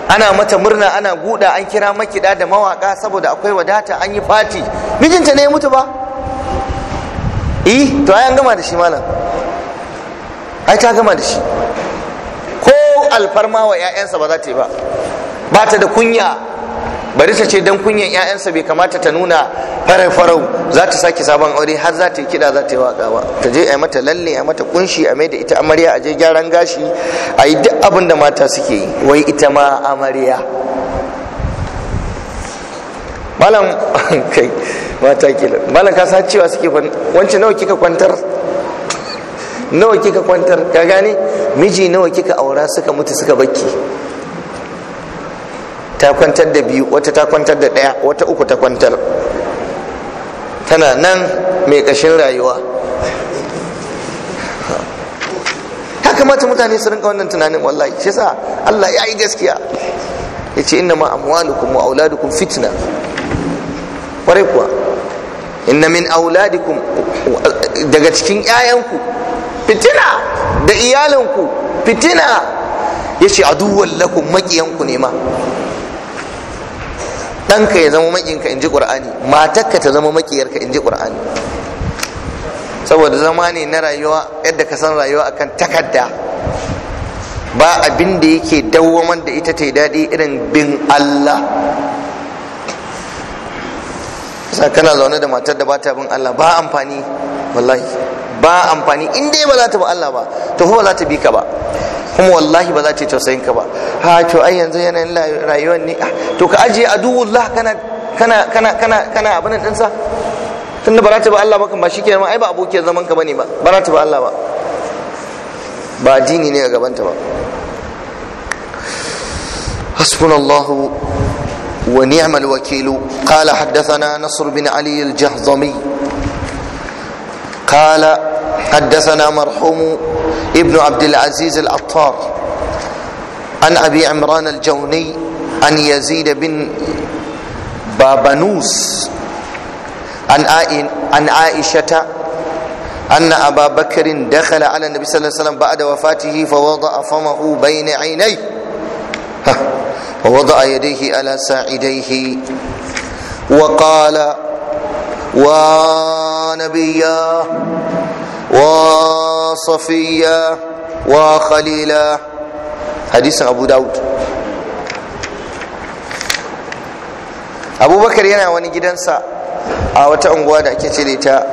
ana mata murna ana guda an kira makiɗa da mawaƙa saboda akwai wadata an yi fati mijinta ne ya mutu ba eh to ai an gama da shi malam ai ta gama da shi ko alfarma wa 'ya'yansa ba za ta yi ba ba ta da kunya bari ta ce dan kunyan 'ya'yansa bai kamata ta nuna farai farau za ta sake sabon aure har za ta yi kiɗa za ta yi waka ba ta je a mata lalle a mata kunshi a maida ita amarya a je gyaran gashi a yi duk abin da mata suke yi wai ita ma amarya malam kai mata kila malam ka san cewa suke wance nawa kika kwantar nawa kika kwantar ka gane miji nawa kika aura suka mutu suka bakki ta kwantar da biyu wata ta kwantar da ɗaya wata uku ta kwantar tana nan mai ƙashin rayuwa haka mata mutane su rinka wannan tunanin wallahi shi sa Allah ya yi gaskiya ya ce inna ma amwalukum wa auladukum fitna kwarai kuwa inna min auladikum daga cikin 'ya'yanku fitina da iyalinku fitina ya ce aduwan lakum maƙiyanku ne ma ɗanka ya zama maƙinka in ji ƙur'ani matarka ta zama maƙiyarka in ji ƙur'ani saboda zama ne na rayuwa yadda ka san rayuwa akan takarda ba abin da yake dawwaman da ita ta yi daɗi irin bin Allah sa kana zaune da matar da bata bin Allah ba amfani wallahi ba amfani inda ba za ta bi Allah ba to ba za ta bi ka ba kuma wallahi ba za ta yi tausayin ka ba ha to ai yanzu yanayin rayuwar ne ah, to ka ajiye aduwullah kana kana kana kana kana abin din sa tunda ba za ta ba Allah maka ba shikenan ai ba abokiyar zaman ka bane ba ba za ta ba Allah ba ba addini ne a gabanta ba hasbunallahu wa ni'mal wakil qala haddathana nasr bin ali al-jahzami qala حدثنا مرحوم ابن عبد العزيز العطار عن أبي عمران الجوني عن يزيد بن بابنوس عن عن عائشة أن أبا بكر دخل على النبي صلى الله عليه وسلم بعد وفاته فوضع فمه بين عينيه ووضع يديه على ساعديه وقال وانبياه وصفيا wa حديث أبو Abu أبو Abubakar yana wani gidansa a wata unguwa da ake cire ta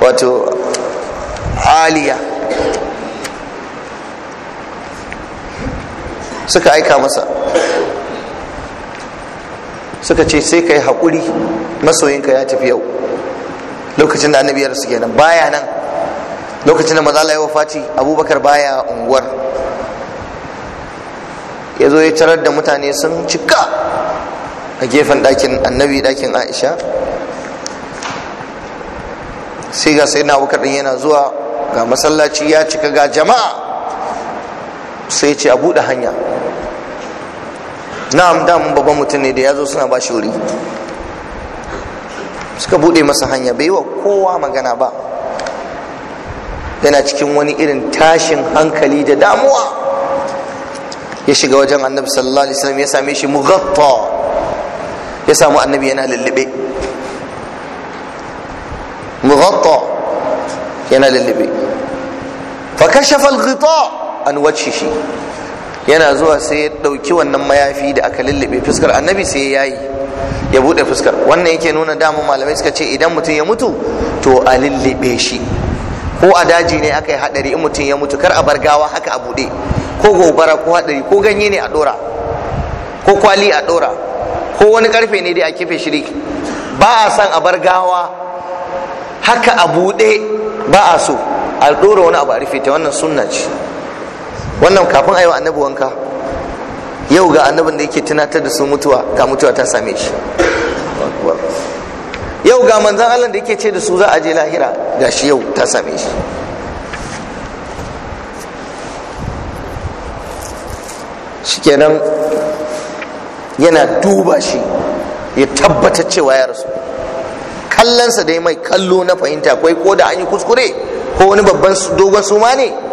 wato aliya suka aika masa suka ce sai ka yi haƙuri masoyinka ya tafi yau lokacin da annabi ya rasu kenan baya nan lokacin da maza ya wafaci abubakar baya unguwar ya zo ya tarar da mutane sun cika a gefen ɗakin annabi ɗakin aisha sai ga sai na abubakar ɗin yana zuwa ga masallaci ya cika ga jama'a sai ce a buɗe hanya na'am damun babban mutum ne da ya zo suna ba shi wuri suka buɗe masa hanya bai wa kowa magana ba yana cikin wani irin tashin hankali da damuwa ya shiga wajen annabi sallallahu alaihi wasallam ya same shi mughatta ya samu annabi yana lullube mughatta yana lullube fa kashafa alghita ghita an wajhihi yana zuwa sai ya dauki wannan mayafi da aka lullube fuskar annabi sai ya yayi ya buɗe fuskar wannan yake nuna damun malamai suka ce idan mutum ya mutu to a lullube shi ko a daji ne aka yi haɗari in mutum ya mutu kar a bar gawa haka a bude ko gobara ko haɗari ko ganye ne a ɗora ko kwali a ɗora ko wani ƙarfe ne dai a kife shiri ba a san a bar gawa haka a buɗe ba a so a ɗora wani abu a rufe ta wannan sunna ce wannan kafin a yi wa annabi wanka yau ga annabin da yake tunatar da su mutuwa ga mutuwa ta same shi yau ga manzan Allah da yake ce da su za a je lahira ga shi yau ta same shi shikenan yana duba shi ya tabbata cewa ya rasu kallonsa da ya mai kallo na fahimta kwai ko da an yi kuskure ko wani babban dogon suma ne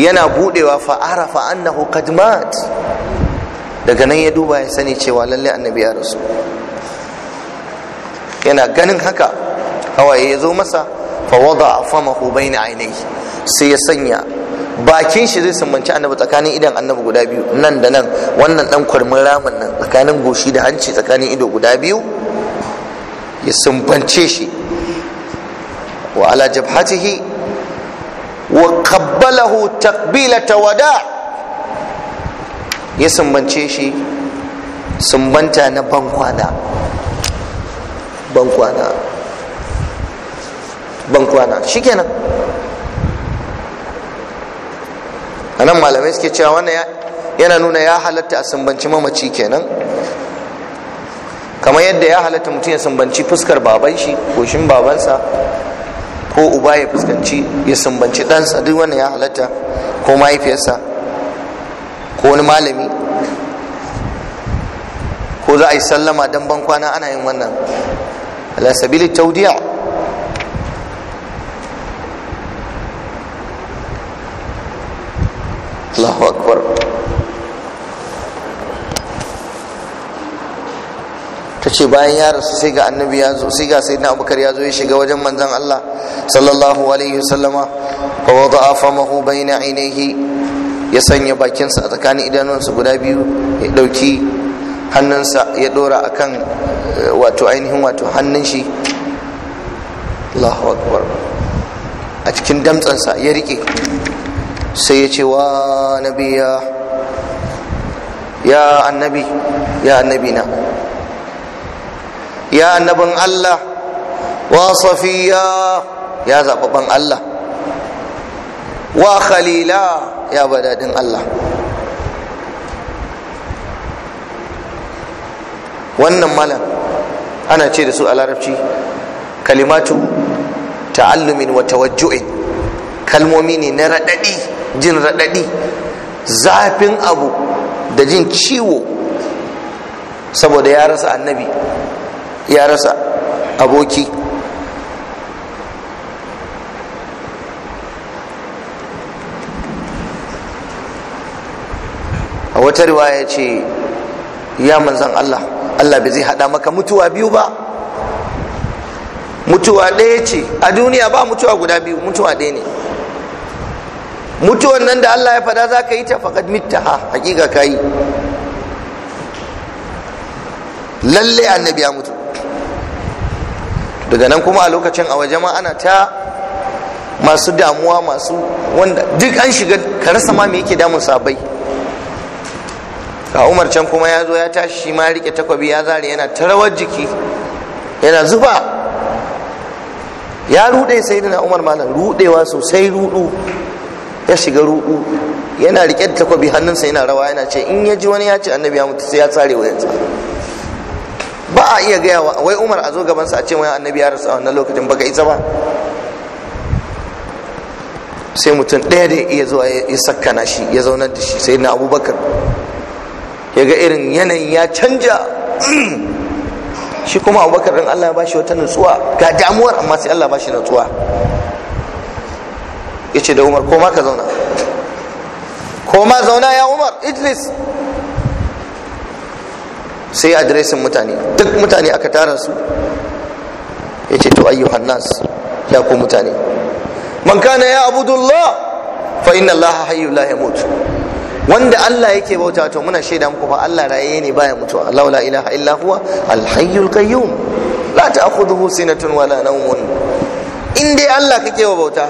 yana budewa fa'ara fa'annahu qad daga nan ya duba ya sani cewa lalle annabi ya rasu yana ganin haka hawaye ya zo masa fa wada famahu bayna ainihi sai ya sanya bakin shi zai sumbanci annabi tsakanin idan annabi guda biyu nan da nan wannan dan kurmin ramin nan tsakanin goshi da hanci tsakanin ido guda biyu ya sumbance shi wa ala jabhatihi wa taqabbalahu taqbilata wada ya sumbance shi sumbanta na bankwana bankwana bankwana shikenan anan malamai suke cewa wannan yana nuna ya halatta a sumbanci mamaci kenan kamar yadda ya halatta mutum ya sumbanci fuskar baban shi koshin babansa ko uba ya fuskanci ya sumbanci ɗansa duk wani ya halatta ko mahaifiyarsa ko wani malami ko za a yi sallama don ban kwana ana yin wannan alasabili taudiya Allahu akbar ce bayan ya rasu sai ga annabi ya zo sai ga na abubakar ya zo ya shiga wajen manzan Allah sallallahu alaihi wasallama fa wada'a afamahu bayna ainihi ya sanya bakinsa a tsakanin idanunsa guda biyu ya dauki hannunsa ya dora akan eh, wato ainihin wato hannun shi Allahu akbar a cikin damtsansa ya rike sai ya ce wa nabiya ya annabi ya annabi na ya annabin Allah wa safiya ya zababban Allah wa khalila ya badadin Allah wannan malam ana ce da su a larabci kalimatu ta'allumin wa tawajju'in kalmomi ne na raɗaɗi jin raɗaɗi zafin abu da jin ciwo saboda ya rasa annabi ya rasa aboki a wata riwaya ce ya manzan Allah Allah bai zai hada maka mutuwa biyu ba mutuwa ɗaya ce a duniya ba mutuwa guda biyu mutuwa ɗaya ne mutuwan nan da Allah ya fada za ka yi ta faƙad mita ha hakika ka yi lalle annabi ya mutu daga nan kuma a lokacin a waje ma ana ta masu damuwa masu wanda duk an shiga ka rasa ma me yake damun sabai ga umar can kuma ya zo ya tashi shi ma rike takwabi ya zare yana ta rawar jiki yana zuba ya rude sai na umar malam rudewa sosai rudu ya shiga rudu yana rike da takwabi hannunsa yana rawa yana ce in ya ji wani ya ce annabi ya mutu sai ya tsare wayansa ba a iya gaya wa wai umar a zo gabansa a ce mai annabi ya rasu a wannan lokacin baka isa ba sai mutum ɗaya da iya zuwa ya sakkana shi ya zaunar da shi sai na abubakar ya ga irin yanayin ya canja shi kuma abubakar ɗin allah ya shi wata nutsuwa ga damuwar amma sai allah ba shi nutsuwa ya ce da umar ko ma ka zauna ko ma zauna ya umar idris sai adireshin mutane duk mutane aka tara su ya ce to ayyuhan nas ya ku mutane man kana ya abudullah fa inna Allah hayyu la yamut wanda Allah yake bauta to muna shaida muku fa Allah raye ne baya mutuwa Allah la ilaha illa huwa al hayyul qayyum la ta'khudhuhu sinatun wala nawmun in dai Allah kake wa bauta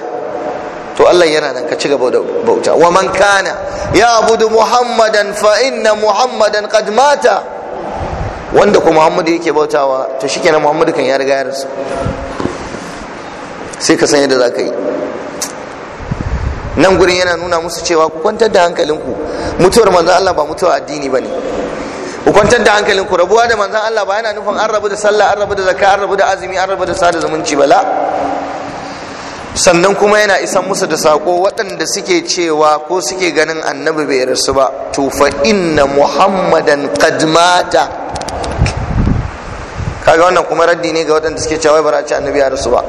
to Allah yana nan ka ci gaba da bauta wa man kana ya abudu muhammadan fa inna muhammadan qad mata wanda ko muhammadu yake bautawa to shi kenan muhammadu kan ya riga ya rasu sai ka san yadda za ka yi nan gurin yana nuna musu cewa ku kwantar da hankalinku mutuwar manzan Allah ba mutuwar addini ba ne ku kwantar da hankalinku rabuwa da manzan Allah ba yana nufin an rabu da sallah an rabu da zakka an rabu da azumi an rabu da sada zumunci bala sannan kuma yana isan musu da sako waɗanda suke cewa ko suke ganin annabi bai rasu ba to fa inna muhammadan qad mata kaga wannan kuma raddi ne ga waɗanda suke cewa ba ci annabi ya rasu ba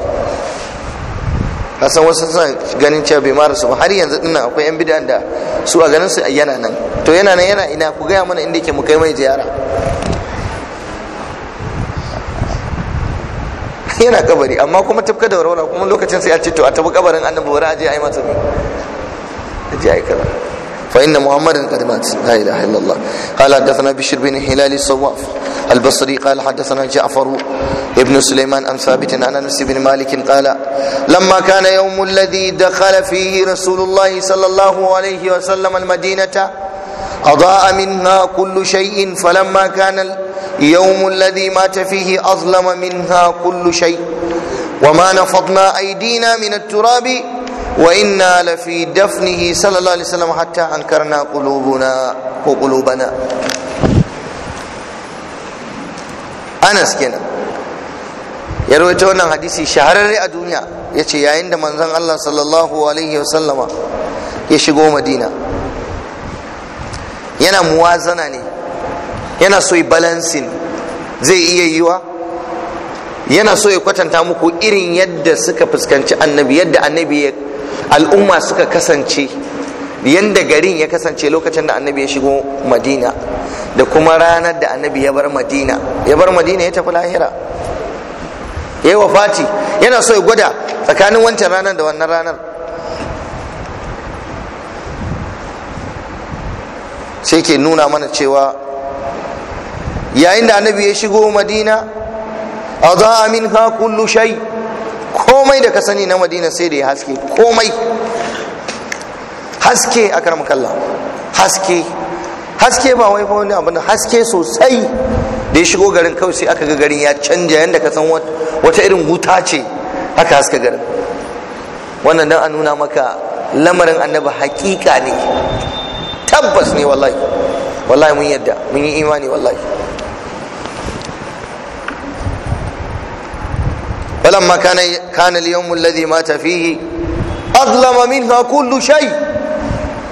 kasan wasu suna ganin cewa bai ma su ba har yanzu dinnan akwai yan bidan da su a ganin su yana nan to yana nan yana ina ku gaya mana inda yake mu kai mai ziyara yana kabari amma kuma tafka da warwara kuma lokacin sai a ce to a tafi kabarin annabi wara aje a yi masa ne aje a yi kaza فإن محمدا قد مات لا إله إلا الله قال حدثنا بشر بن هلال الصواف البصري قال حدثنا جعفر ابن سليمان عن ثابت عن أنس بن مالك قال لما كان يوم الذي دخل فيه رسول الله صلى الله عليه وسلم المدينة أضاء منها كل شيء فلما كان اليوم الذي مات فيه أظلم منها كل شيء وما نفضنا أيدينا من التراب وإنا لفي دفنه صلى الله عليه وسلم حتى أنكرنا قلوبنا وقلوبنا أنس كنا ya rawaito wannan hadisi shahararre a duniya ya ce yayin da manzon Allah sallallahu alaihi wasallama ya shigo madina yana muwazana ne yana so ya balansin zai iya yiwa yana so ya kwatanta muku irin yadda suka fuskanci annabi yadda annabi ya al'umma suka kasance yanda garin ya kasance lokacin da annabi ya shigo madina da kuma ranar da annabi ya bar madina ya bar madina ya tafi lahira ya yi wafati yana so ya gwada tsakanin wancan ranar da wannan ranar sai ke nuna mana cewa yayin da annabi ya shigo madina a zaa min ha kullu shai komai da ka sani na madina sai da ya haske komai haske a kalla haske haske ba wai fa wani abin haske sosai da ya shigo garin kawai sai aka ga garin ya canja yadda ka san wata irin wuta ce haka haska garin wannan dan a nuna maka lamarin annabi hakika ne tabbas ne wallahi wallahi mun yadda mun yi imani wallahi فلما كان كان اليوم الذي مات فيه أظلم منها كل شيء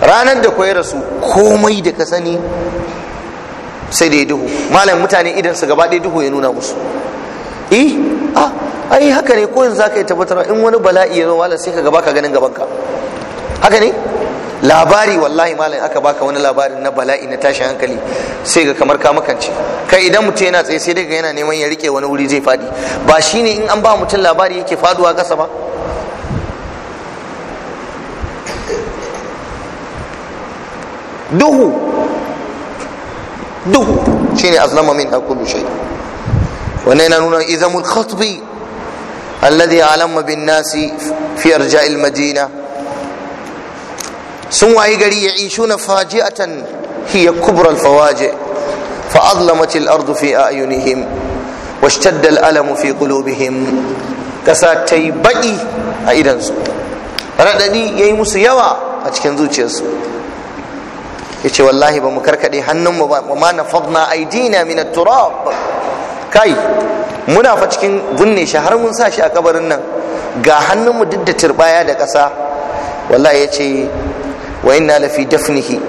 ranar da kwai rasu komai da ka sani sai da ya duhu malam mutane idan su gaba ɗaya duhu ya nuna musu eh ah ai haka ne ko yanzu ka yi tabbatar in wani bala'i ya zo malam sai ka gaba ka ganin gabanka, haka ne labari wallahi malam aka baka wani labarin na bala'i na tashin hankali sai ga kamar ka makance kai idan mutum yana tsaye sai daga yana neman ya rike wani wuri zai fadi ba shine in an ba mutum labari yake faduwa kasa ba duhu duhu shine azlama min kullu shay wannan yana nuna izamul khatbi alladhi alamma bin nasi fi arja'il madina sun wayi gari ya ishu na faji'atan hiya kubral fawaje fa'azlamat al-ardu fi a'yunihim washtadda al-alamu fi qulubihim kasa ta yi baƙi a idansu raɗaɗi ya yi musu yawa a cikin zuciyarsu ya ce wallahi ba mu karkaɗe mu ba ma na aidina min turab kai muna fa cikin binne shi har mun sa shi a kabarin nan ga mu duk da turbaya da ƙasa wallahi ya ce wa inna fi dafnihi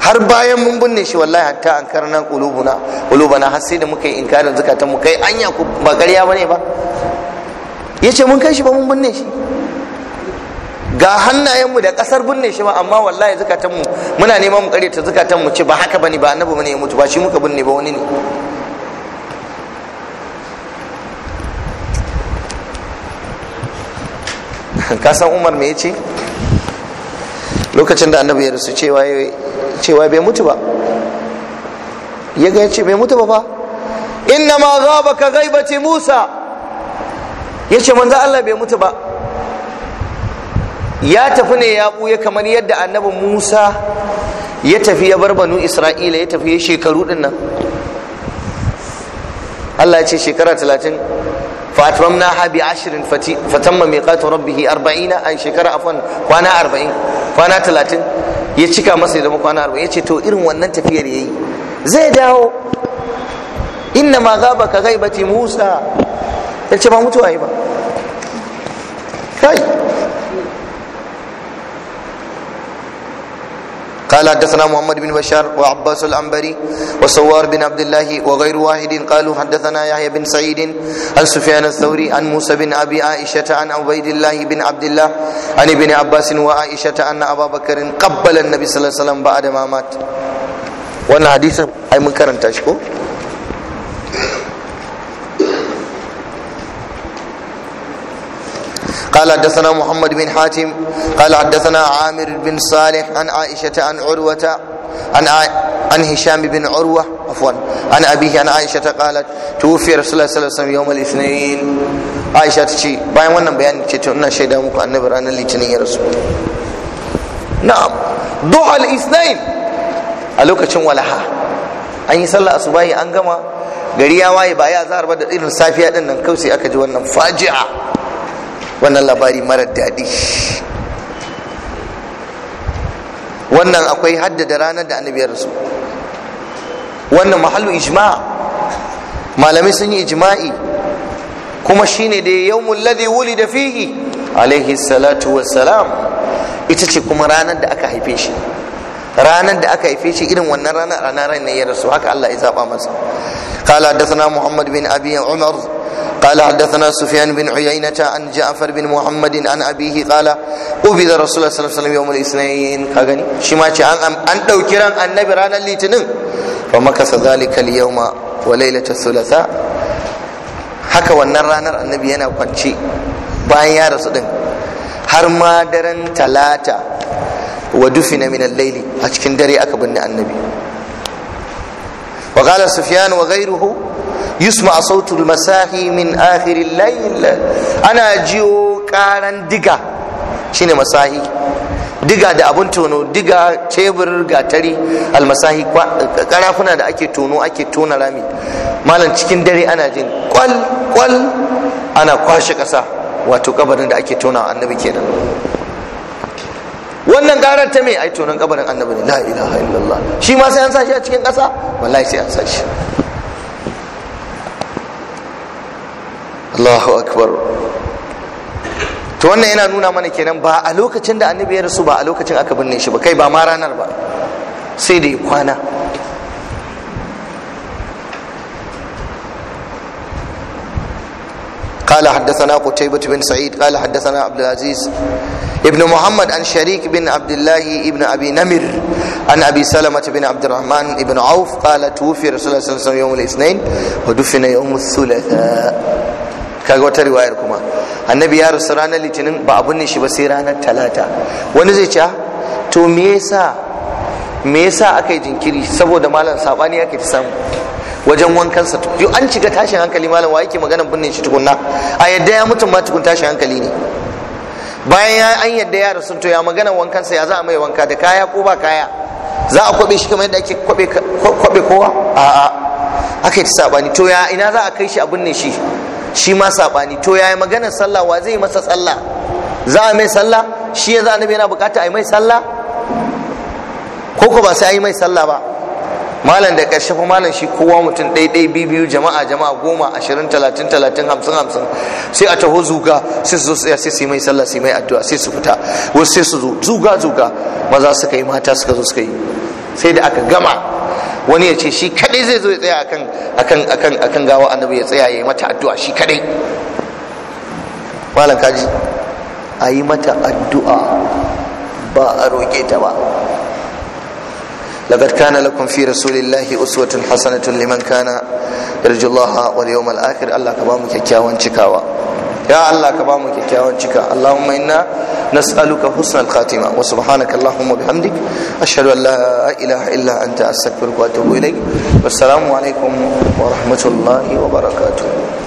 har bayan mun binne shi wallahi hatta an karna qulubuna qulubana har sai da muka yi inkarin zakatan mu kai anya ku ba ƙarya bane ba yace mun kai shi ba mun binne shi ga hannayenmu da kasar binne shi ba amma wallahi zakatan mu muna neman mu ta zakatan mu ce ba haka bane ba annabi bane ya mutu ba shi muka binne ba wani ne kasan umar me yace lokacin da annabi ya rasu cewa bai mutu ba ya ga ce bai mutu ba ba inna ma ba ka gaibaci musa Ya ce manzo Allah bai mutu ba ya tafi ne ya buya kamar yadda annabi musa ya tafi ya bar banu isra'ila ya tafi ya shekaru din nan Allah ya ce shekara talatin فأتممناها ashirin فتم ميقات rabbihi arba'ina a shekara عفوا kwana arba'in. kwana talatin ya cika masa ya zama kwana arba'in ya ce to irin wannan tafiyar ya yi zai dawo inna ma gaba ka bati musa ya ce ba mutuwa yi ba kai قال حدثنا محمد بن بشار وعباس الأنبري وسوار بن عبد الله وغير واحد قالوا حدثنا يحيى بن سعيد عن سفيان الثوري عن موسى بن أبي عائشة عن عبيد الله بن عبد الله عن ابن عباس وعائشة أن أبا بكر قبل النبي صلى الله عليه وسلم بعد ما مات وأن حديث أي من كرنتاشكو قال حدثنا محمد بن حاتم قال حدثنا عامر بن صالح عن عائشة عن عروة عن عن هشام بن عروة عفوا عن أبيه عن عائشة قالت توفي رسول الله صلى الله عليه وسلم يوم الاثنين عائشة تشي باين وانا بيان تشي انا شيدا مكو أن برانا الاثنين يا رسول نعم ضحى الاثنين ألوك تشم ولها أن يصلى أصباهي أنقما gari ya waye ba ya zahar ba da irin safiya din nan kawai sai aka ji wannan faji'a wannan labari mara daɗi wannan akwai haddada ranar da annabi ya wannan mahallu ijma malamai sun yi ijma'i kuma shine da yawmul ladhi wulida fihi alaihi salatu wassalam ita ce kuma ranar da aka haife shi ranar da aka haife shi irin wannan ranar ranar ne ya rasu haka Allah ya zaba masa qala hadathana muhammad bin abi umar قال حدثنا سفيان bin عيينة an جعفر بن محمد عن أبيه قال قبض رسول الله صلى الله عليه وسلم يوم ce an an ran annabi ranar litinin fa makasa zalika al-yawma wa lailatul thulatha haka wannan ranar annabi yana kwance bayan ya rasu din har ma daren talata wa dufina min layli a cikin dare aka binne annabi wa qala sufyan wa ghayruhu yusma sautul masahi min akhiril layl ana jiyo karan diga shine masahi diga da abun tono diga tebur gatari almasahi karafuna da ake tono ake tona rami malam cikin dare ana jin kwal kwal ana kwashe kasa wato kabarin da ake tona annabi kenan wannan karar ta me ai tonon kabarin annabi ne la ilaha illallah shi ma sai an sa a cikin kasa wallahi sai an sa Allahu akbar to wannan yana nuna mana kenan ba a lokacin da annabi ya rasu ba a lokacin aka binne shi ba kai ba ma ranar ba sai da ya kwana قال حدثنا قتيبة بن سعيد قال حدثنا عبد العزيز ابن محمد عن شريك بن عبد الله ابن أبي نمر عن أبي سلمة بن عبد الرحمن بن عوف قال توفي رسول الله صلى الله عليه وسلم يوم الاثنين ودفن يوم الثلاثاء kaga wata riwayar kuma annabi ya rasu ranar litinin ba abun ne shi ba sai ranar talata wani zai ce ah, to me yasa me yasa aka yi jinkiri saboda malam sabani yake ta samu wajen wankansa to an shiga tashin hankali malam wa yake magana bunne shi tukunna a yadda ya mutum ma tukun tashin hankali ne bayan ya an yadda ya rasu to ya magana wankansa ya za a mai wanka da kaya ko ba kaya za a kwabe shi kamar yadda ake kwabe kowa a'a aka yi ta sabani to ya ina za a kai shi a ne shi shi ma saɓani to yi maganar sallah wa zai masa sallah za a mai sallah shi ya za annabi yana bukata a yi mai sallah ko ko ba sai a yi mai sallah ba malam da ƙarshe fa malam shi kowa mutum ɗaiɗai biyu biyu jama'a jama'a goma ashirin talatin talatin hamsin hamsin sai a taho zuga sai su zo sai su yi mai sallah sai mai addu'a sai su fita wasu sai su zo zuga zuga maza suka yi mata suka zo suka yi sai da aka gama wani ya ce shi kadai zai zo ya tsaya akan akan akan akan gawa annabi ya tsaya yayi mata addu'a shi kadai malam kaji ayi mata addu'a ba a roke ta ba لقد كان لكم في رسول الله أسوة حسنة لمن كان يرجو الله واليوم الآخر الله كبامك kyakkyawan cikawa. ya Allah ka ba mu kyakkyawan cika Allahumma inna nas'aluka husnal khatima wa subhanaka Allahumma bihamdik ashhadu an la ilaha illa anta astaghfiruka wa atubu ilaik wassalamu wa rahmatullahi wa barakatu.